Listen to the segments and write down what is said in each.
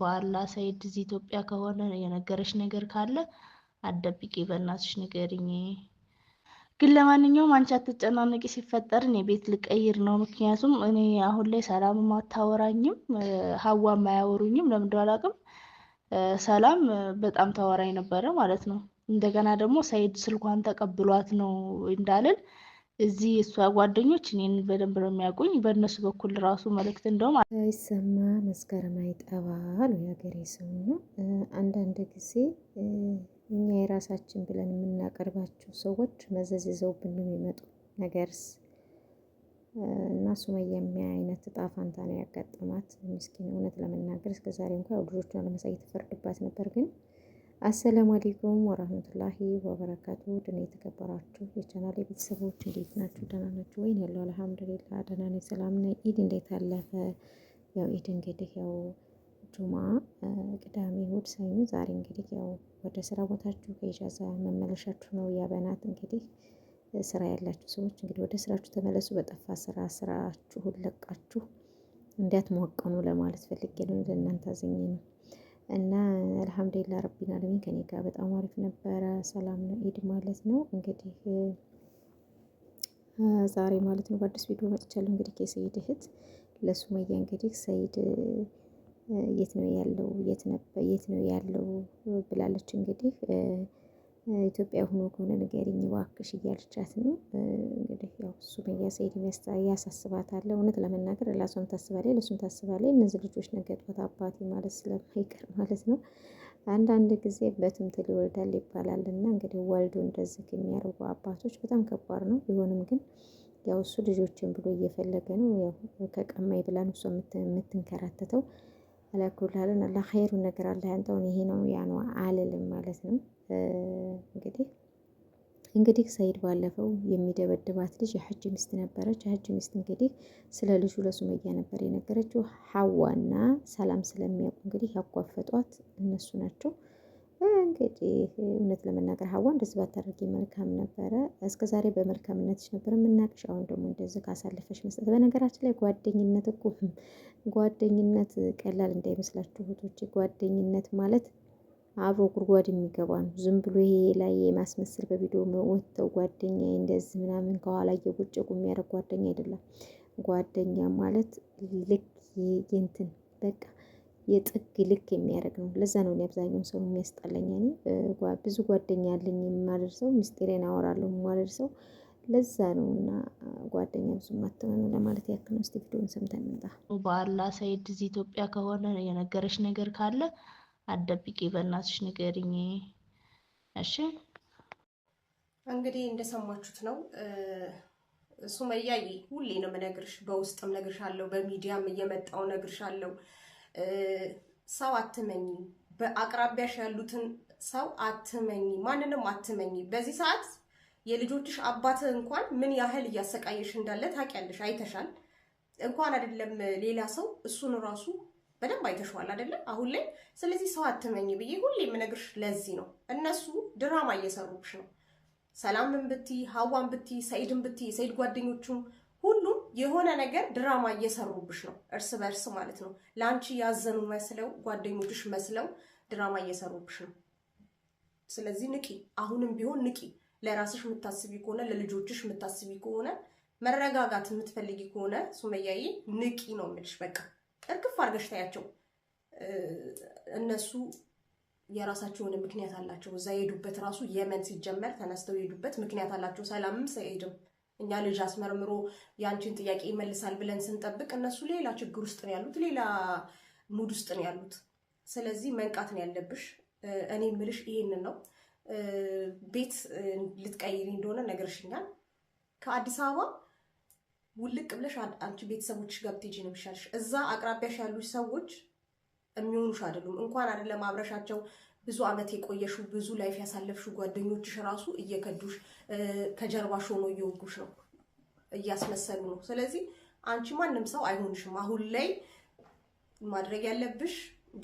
በአላህ ሰይድ እዚህ ኢትዮጵያ ከሆነ የነገረች ነገር ካለ አደብቂ፣ በእናትሽ ንገሪኝ። ግን ለማንኛውም አንቺ አትጨናነቂ። ሲፈጠር እኔ ቤት ልቀይር ነው። ምክንያቱም እኔ አሁን ላይ ሰላም አታወራኝም፣ ሀዋም አያወሩኝም። ለምንድን አላውቅም። ሰላም በጣም ታወራኝ ነበረ ማለት ነው። እንደገና ደግሞ ሰይድ ስልኳን ተቀብሏት ነው እንዳልል እዚህ እሷ ጓደኞች እኔን በደንብ ነው የሚያውቁኝ። በእነሱ በኩል ራሱ መልእክት እንደውም አይሰማ መስከረም አይጠባል የሀገሬ ሰው ነው። አንዳንድ ጊዜ እኛ የራሳችን ብለን የምናቀርባቸው ሰዎች መዘዝ ይዘውብን የሚመጡ ነገርስ እና ሱመያ የሚያ አይነት እጣ ፋንታ ነው ያጋጠማት ምስኪን። እውነት ለመናገር እስከዛሬ እንኳ ልጆቿን ለመሳየት ትፈርድባት ነበር ግን አሰላሙ አሌይኩም ወራህመቱላሂ ወበረካቱ ድን የተከበራችሁ የቻናል ቤተሰቦች እንዴት ናችሁ? ደህና ናችሁ ወይን ያለው አልሐምዱሊላ ደህና ነኝ፣ ሰላም ነኝ። ኢድ እንዴት አለፈ? ያው ኢድ እንግዲህ ያው ጁማ፣ ቅዳሜ፣ እሑድ፣ ሰኞ፣ ዛሬ እንግዲህ ያው ወደ ስራ ቦታችሁ ከኢጃዛ መመለሻችሁ ነው። ያበናት እንግዲህ ስራ ያላችሁ ሰዎች እንግዲህ ወደ ስራችሁ ተመለሱ። በጠፋ ስራ ስራችሁን ለቃችሁ እንዳትሞቀኑ ለማለት ፈልጌ ነው። ለእናንተ አዘኘ ነው እና አልሐምዱሊላህ ረቢል ዓለሚን ከኔ ጋር በጣም አሪፍ ነበረ። ሰላም ነው ኢድ ማለት ነው። እንግዲህ ዛሬ ማለት ነው በአዲስ ቪዲዮ መጥቻለሁ። እንግዲህ የሰይድ እህት ለሱመያ እንግዲህ ሰይድ የት ነው ያለው የት ነው ያለው ብላለች እንግዲህ ኢትዮጵያ ሆኖ ከሆነ ንገሪኝ እባክሽ እያልቻት ነው። እንግዲህ ያው እሱ በያሰይድ ያሳስባታል። እውነት ለመናገር ለእሷም ታስባለች፣ ለእሱም ታስባለች። እነዚህ ልጆች ነገ ጧት አባቴ ማለት ስለማይቀር ማለት ነው። አንዳንድ ጊዜ በትምትል ይወልዳል ይባላል እና እንግዲህ ወልዱ እንደዚህ የሚያደርጉ አባቶች በጣም ከባድ ነው። ቢሆንም ግን ያው እሱ ልጆችን ብሎ እየፈለገ ነው። ያው ከቀማይ ብላ እሷ የምትንከራተተው። አላኩላለን አላ ኸይሩ ነገር አላ ያንጠውን ይሄ ነው ያ ነው አልልም ማለት ነው። እንግዲህ እንግዲህ ሰይድ ባለፈው የሚደበድባት ልጅ የሐጅ ሚስት ነበረች። የሐጅ ሚስት እንግዲህ ስለ ልጁ ለሱመያ ነበር የነገረችው። ሀዋና ሰላም ስለሚያውቁ እንግዲህ ያኳፈጧት እነሱ ናቸው። እንግዲህ እውነት ለመናገር ሀዋ እንደዚህ ባታደርጊ መልካም ነበረ። እስከዛሬ በመልካምነትሽ ነበር የምናቅሽ። አሁን ደግሞ እንደዚህ ካሳለፈሽ መስጠት። በነገራችን ላይ ጓደኝነት እኮ ጓደኝነት ቀላል እንዳይመስላችሁ እህቶቼ፣ ጓደኝነት ማለት አብሮ ጉድጓድ የሚገባ ነው። ዝም ብሎ ይሄ ላይ የማስመሰል በቪዲዮ ወጥተው ጓደኛ እንደዚህ ምናምን ከኋላ እየቦጨቁ የሚያደርግ ጓደኛ አይደለም። ጓደኛ ማለት ልክ የእንትን በቃ የጥግ ልክ የሚያደርግ ነው። ለዛ ነው እኔ ሰው የሚያስጠላኝ። እኔ ብዙ ጓደኛ አለኝ የማደርሰው ምስጢሬን አወራለሁ የማደርሰው ለዛ ነው። እና ጓደኛ ብዙ ማተመኑ ለማለት ያክል ነው። እስቲ ቪዲዮን ሰምተን እንምጣ። በአላ ሰይድ እዚህ ኢትዮጵያ ከሆነ የነገረች ነገር ካለ አደብቂ በእናትሽ ንገሪኝ። እሺ እንግዲህ እንደሰማችሁት ነው። ሱመያዬ ሁሌ ነው የምነግርሽ፣ በውስጥም እነግርሻለሁ፣ በሚዲያም እየመጣው እነግርሻለሁ። ሰው አትመኝ፣ በአቅራቢያሽ ያሉትን ሰው አትመኝ፣ ማንንም አትመኝ። በዚህ ሰዓት የልጆችሽ አባት እንኳን ምን ያህል እያሰቃየሽ እንዳለ ታውቂያለሽ፣ አይተሻል። እንኳን አይደለም ሌላ ሰው እሱን ራሱ በደንብ አይተሽዋል አይደለም? አሁን ላይ ስለዚህ ሰው አትመኝ ብዬ ሁሌ የምነግርሽ ለዚህ ነው። እነሱ ድራማ እየሰሩብሽ ነው። ሰላምን ብቲ፣ ሀዋን ብቲ፣ ሰይድን ብቲ፣ ሰይድ ጓደኞቹም ሁሉም የሆነ ነገር ድራማ እየሰሩብሽ ነው፣ እርስ በእርስ ማለት ነው። ለአንቺ ያዘኑ መስለው ጓደኞችሽ መስለው ድራማ እየሰሩብሽ ነው። ስለዚህ ንቂ፣ አሁንም ቢሆን ንቂ። ለራስሽ የምታስቢ ከሆነ ለልጆችሽ የምታስቢ ከሆነ መረጋጋት የምትፈልጊ ከሆነ ሱመያዬ ንቂ ነው የምልሽ በቃ። እርግፍ አድርገሽ ታያቸው። እነሱ የራሳቸውን ምክንያት አላቸው። እዛ የሄዱበት ራሱ የመን ሲጀመር ተነስተው የሄዱበት ምክንያት አላቸው። ሰላምም ሳይሄድም እኛ ልጅ አስመርምሮ የአንቺን ጥያቄ ይመልሳል ብለን ስንጠብቅ እነሱ ሌላ ችግር ውስጥ ነው ያሉት፣ ሌላ ሙድ ውስጥ ነው ያሉት። ስለዚህ መንቃት ነው ያለብሽ። እኔ ምልሽ ይሄንን ነው። ቤት ልትቀይሪ እንደሆነ ነገርሽኛል። ከአዲስ አበባ ውልቅ ብለሽ አንቺ ቤተሰቦች ጋር ብትሄጂ ነው የሚሻልሽ። እዛ አቅራቢያሽ ያሉ ሰዎች የሚሆኑሽ አይደሉም። እንኳን አይደለም አብረሻቸው ብዙ ዓመት የቆየሽው ብዙ ላይፍ ያሳለፍሹ ጓደኞችሽ ራሱ እየከዱሽ ከጀርባሽ ሆኖ እየወጉሽ ነው፣ እያስመሰሉ ነው። ስለዚህ አንቺ ማንም ሰው አይሆንሽም። አሁን ላይ ማድረግ ያለብሽ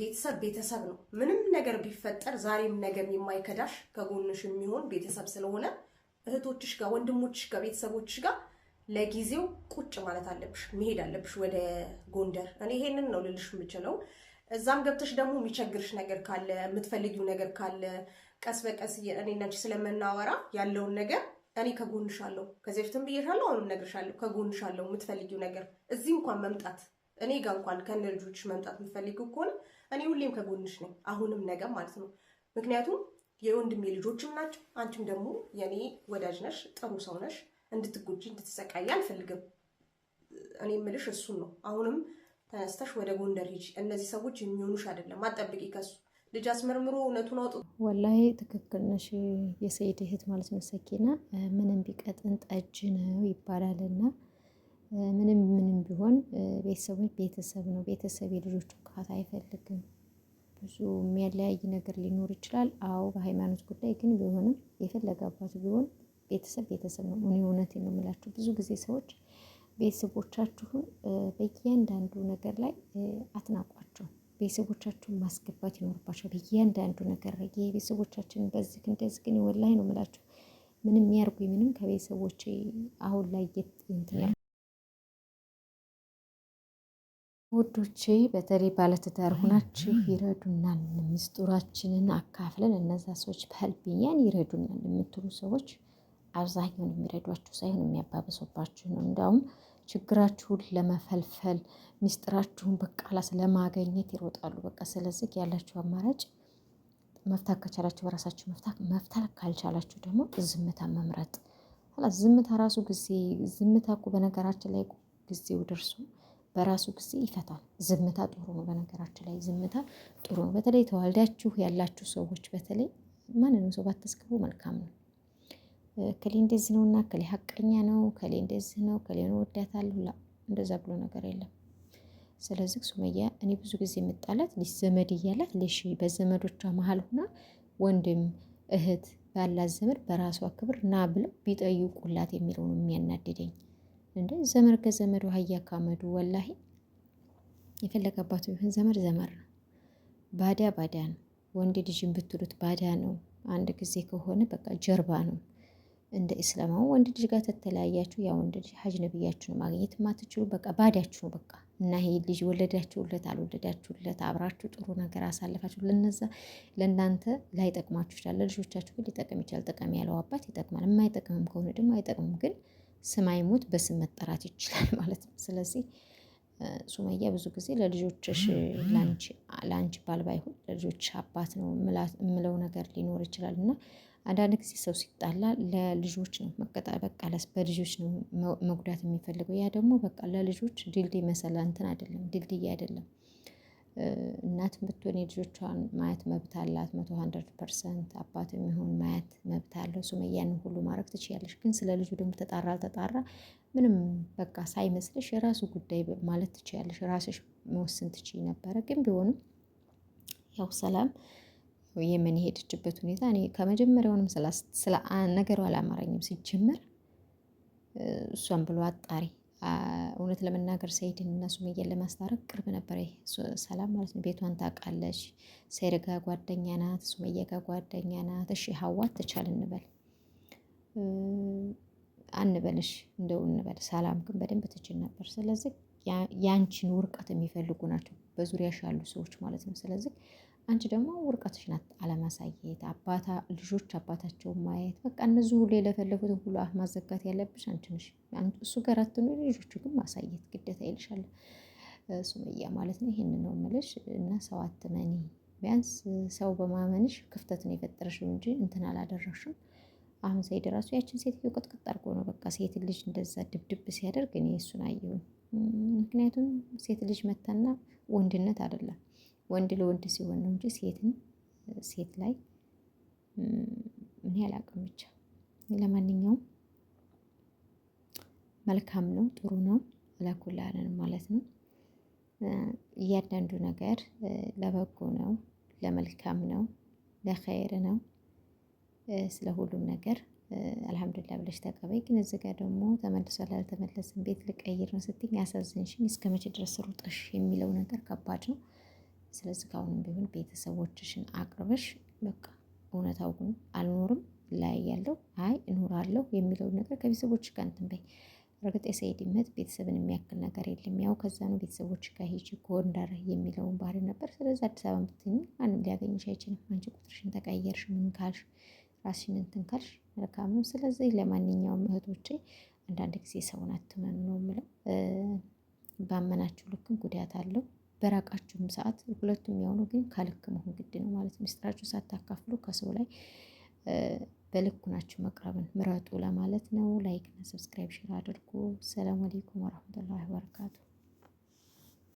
ቤተሰብ ቤተሰብ ነው። ምንም ነገር ቢፈጠር ዛሬም ነገም የማይከዳሽ ከጎንሽ የሚሆን ቤተሰብ ስለሆነ እህቶችሽ ጋር፣ ወንድሞችሽ ጋር፣ ቤተሰቦችሽ ጋር ለጊዜው ቁጭ ማለት አለብሽ፣ መሄድ አለብሽ ወደ ጎንደር። እኔ ይሄንን ነው ልልሽ የምችለው። እዛም ገብተሽ ደግሞ የሚቸግርሽ ነገር ካለ የምትፈልጊው ነገር ካለ ቀስ በቀስ እኔ እና አንቺ ስለምናወራ ያለውን ነገር እኔ ከጎንሽ አለው ከዚህ በፊትም ብዬሻለሁ፣ አሁንም እነግርሻለሁ፣ ከጎንሽ አለው የምትፈልጊው ነገር እዚህ እንኳን መምጣት እኔ ጋር እንኳን ከነ ልጆች መምጣት የምትፈልጊው ከሆነ እኔ ሁሌም ከጎንሽ ነኝ፣ አሁንም ነገር ማለት ነው። ምክንያቱም የወንድሜ ልጆችም ናቸው፣ አንቺም ደግሞ የእኔ ወዳጅ ነሽ፣ ጥሩ ሰው ነሽ። እንድትጎጂ እንድትሰቃይ አልፈልግም። እኔ የምልሽ እሱን ነው። አሁንም ተነስተሽ ወደ ጎንደር ሂጂ። እነዚህ ሰዎች የሚሆኑሽ አይደለም። አጠብቂ ከሱ ልጅ አስመርምሮ እውነቱን አውጡ። ወላሂ ትክክል ነሽ፣ የሰይድ እህት ማለት ነው። ሰኪና ምንም ቢቀጥን ጠጅ ነው ይባላልና ምንም ምንም ቢሆን ቤተሰቡ ቤተሰብ ነው። ቤተሰብ የልጆች ካት አይፈልግም። ብዙ የሚያለያይ ነገር ሊኖር ይችላል። አዎ በሃይማኖት ጉዳይ ግን ቢሆንም የፈለገ አባት ቢሆን ቤተሰብ ቤተሰብ ነው። እኔ እውነቴን ነው የምላችሁ። ብዙ ጊዜ ሰዎች ቤተሰቦቻችሁን በእያንዳንዱ ነገር ላይ አትናቋቸው። ቤተሰቦቻችሁን ማስገባት ይኖርባቸዋል። በእያንዳንዱ ነገር ላይ ይሄ ቤተሰቦቻችን በዚህ እንደዚህ ግን ወላሂ ነው የምላችሁ ምንም ያርጉ ምንም ከቤተሰቦች አሁን ላይ የትንትኛል ውዶቼ በተለይ ባለትዳር ሆናችሁ ይረዱናል፣ ምስጢራችንን አካፍለን እነዛ ሰዎች በህልብኛን ይረዱናል የምትሉ ሰዎች አብዛኛውን የሚረዷችሁ ሳይሆን የሚያባበሱባችሁ ነው። እንዲያውም ችግራችሁን ለመፈልፈል ሚስጥራችሁን በቃላት ለማገኘት ይሮጣሉ። በቃ ስለዚህ ያላችሁ አማራጭ መፍታት ከቻላችሁ በራሳችሁ መፍታት፣ መፍታት ካልቻላችሁ ደግሞ ዝምታ መምረጥ። ኋላ ዝምታ ራሱ ጊዜ ዝምታ እኮ በነገራችን ላይ ጊዜው ደርሶ በራሱ ጊዜ ይፈታል። ዝምታ ጥሩ ነው። በነገራችን ላይ ዝምታ ጥሩ ነው። በተለይ ተዋልዳችሁ ያላችሁ ሰዎች በተለይ ማንንም ሰው ባታስገቡ መልካም ነው። ከሌ እንደዚህ ነው እና እከሌ ሀቀኛ ነው ከሌ እንደዚህ ነው እከሌን እወዳታለሁ ላ እንደዛ ብሎ ነገር የለም። ስለዚህ ሱመያ እኔ ብዙ ጊዜ የምጣላት ልጅ ዘመድ እያላት ለሺ በዘመዶቿ መሀል ሆና ወንድም እህት ባላት ዘመድ በራሷ ክብር ና ብለው ቢጠይቁላት የሚለው ነው የሚያናድደኝ። እንደ ዘመድ ከዘመድ ውሃ እያካመዱ ወላሂ የፈለገባቱ ቢሆን ዘመድ ዘመድ ነው፣ ባዳ ባዳ ነው። ወንድ ልጅን ብትሉት ባዳ ነው። አንድ ጊዜ ከሆነ በቃ ጀርባ ነው። እንደ እስላማው ወንድ ልጅ ጋር ተተለያያችሁ፣ ያ ወንድ ልጅ ሀጅ ነብያችሁን ማግኘት ማትችሉ በቃ ባዳችሁ በቃ። እና ይሄ ልጅ ወለዳችሁለት አልወለዳችሁለት አብራችሁ ጥሩ ነገር አሳለፋችሁ ለነዛ ለእናንተ ላይጠቅማችሁ ይችላል፣ ለልጆቻችሁ ግን ሊጠቅም ይችላል። ጠቀም ያለው አባት ይጠቅማል፣ የማይጠቅምም ከሆነ ደግሞ አይጠቅምም። ግን አይሞት በስም መጠራት ይችላል ማለት ነው። ስለዚህ ሱመያ ብዙ ጊዜ ለልጆችሽ ለአንቺ ባል ባይሆን ለልጆች አባት ነው የምለው ነገር ሊኖር ይችላል እና አንዳንድ ጊዜ ሰው ሲጣላ ለልጆች ነው መቀጣ በቃ በልጆች ነው መጉዳት የሚፈልገው። ያ ደግሞ በቃ ለልጆች ድልድይ መሰላ እንትን አይደለም ድልድይ አይደለም። እናት ብትሆን የልጆቿን ማየት መብት አላት መቶ ሀንድረድ ፐርሰንት አባት የሚሆን ማየት መብት አለው። ሱመያ ያንን ሁሉ ማድረግ ትችያለሽ። ግን ስለ ልጁ ደግሞ ተጣራ አልተጣራ ምንም በቃ ሳይመስልሽ የራሱ ጉዳይ ማለት ትችያለሽ። ራስሽ መወስን ትችይ ነበረ። ግን ቢሆንም ያው ሰላም የመን የሄደችበት ሁኔታ እኔ ከመጀመሪያውንም ስለ ነገሩ አላማረኝም። ሲጀመር እሷን ብሎ አጣሪ እውነት ለመናገር ሰይድን እና ሱመያን ለማስታረቅ ቅርብ ነበረ ሰላም ማለት ነው። ቤቷን ታውቃለች። ሰይድ ጋ ጓደኛ ናት፣ ሱመያ ጋ ጓደኛ ናት። እሺ ሀዋ ትቻል እንበል አንበልሽ እንደው እንበል። ሰላም ግን በደንብ ትችል ነበር። ስለዚህ ያንቺን ውርቀት የሚፈልጉ ናቸው በዙሪያሽ ያሉ ሰዎች ማለት ነው። ስለዚህ አንቺ ደግሞ ውርቀትሽ ናት አለማሳየት አባታ ልጆች አባታቸው ማየት በቃ እነዚህ ሁሉ የለፈለፉትን ሁሉ አፍ ማዘጋት ያለብሽ አንቺ ነሽ። እሱ ጋር አትኖሪ፣ ልጆቹ ግን ማሳየት ግዴታ ይልሻል ሱመያ ማለት ነው። ይህን ነው የምልሽ። እና ሰው አትመኒ። ቢያንስ ሰው በማመንሽ ክፍተት ነው የፈጠረሽው እንጂ እንትን አላደረሽም። አሁን ሰይድ ራሱ ያችን ሴትዮ ቅጥቅጥ አድርጎ ነው በቃ ሴት ልጅ እንደዛ ድብድብ ሲያደርግ እኔ እሱን አየሁኝ። ምክንያቱም ሴት ልጅ መታና ወንድነት አይደለም ወንድ ለወንድ ሲሆን ነው እንጂ ሴትን ሴት ላይ እኔ አላውቅም። ብቻ ለማንኛውም መልካም ነው፣ ጥሩ ነው። ለኩላለን ማለት ነው። እያንዳንዱ ነገር ለበጎ ነው፣ ለመልካም ነው፣ ለኸይር ነው። ስለ ሁሉም ነገር አልሐምዱላ ብለሽ ተቀበይ። ግን እዚህ ጋር ደግሞ ተመልሷል አልተመለስም ቤት ልቀይር ነው ስትኝ ያሳዝንሽኝ። እስከ መቼ ድረስ ሩጠሽ የሚለው ነገር ከባድ ነው። ስለዚህ ካሁንም ቢሆን ቤተሰቦችሽን አቅርበሽ በቃ እውነታው ግን አልኖርም ላይ ያለው አይ እኖራለሁ የሚለውን ነገር ከቤተሰቦች ጋር እንትን በይ። እርግጥ የሰኢድ እመት ቤተሰብን የሚያክል ነገር የለም። ያው ከዛ ነው ቤተሰቦች ጋር ሂጂ ጎንደር የሚለውን ባህል ነበር። ስለዚህ አዲስ አበባ ብትኝ ማንም ሊያገኝሽ አይችልም። አንቺ ቁጥርሽን ተቀየርሽ፣ ምን ካልሽ፣ ራስሽን እንትን ካልሽ መልካም ነው። ስለዚህ ለማንኛውም እህቶቼ አንዳንድ ጊዜ ሰውን አትመኑ ነው የምለው። ባመናችሁ ልክም ጉዳት አለው። በራቃችሁም ሰዓት ሁለቱም ያው ነው፣ ግን ከልክ መሆን ግድ ነው ማለት ነው። ሚስጥራችሁ ሳታካፍሉ ከሰው ላይ በልኩ ናችሁ መቅረብን ምረጡ ለማለት ነው። ላይክ እና ሰብስክራይብ ሽር አድርጉ። ሰላም አሌይኩም ወረህመቱላሂ ወበረካቱ።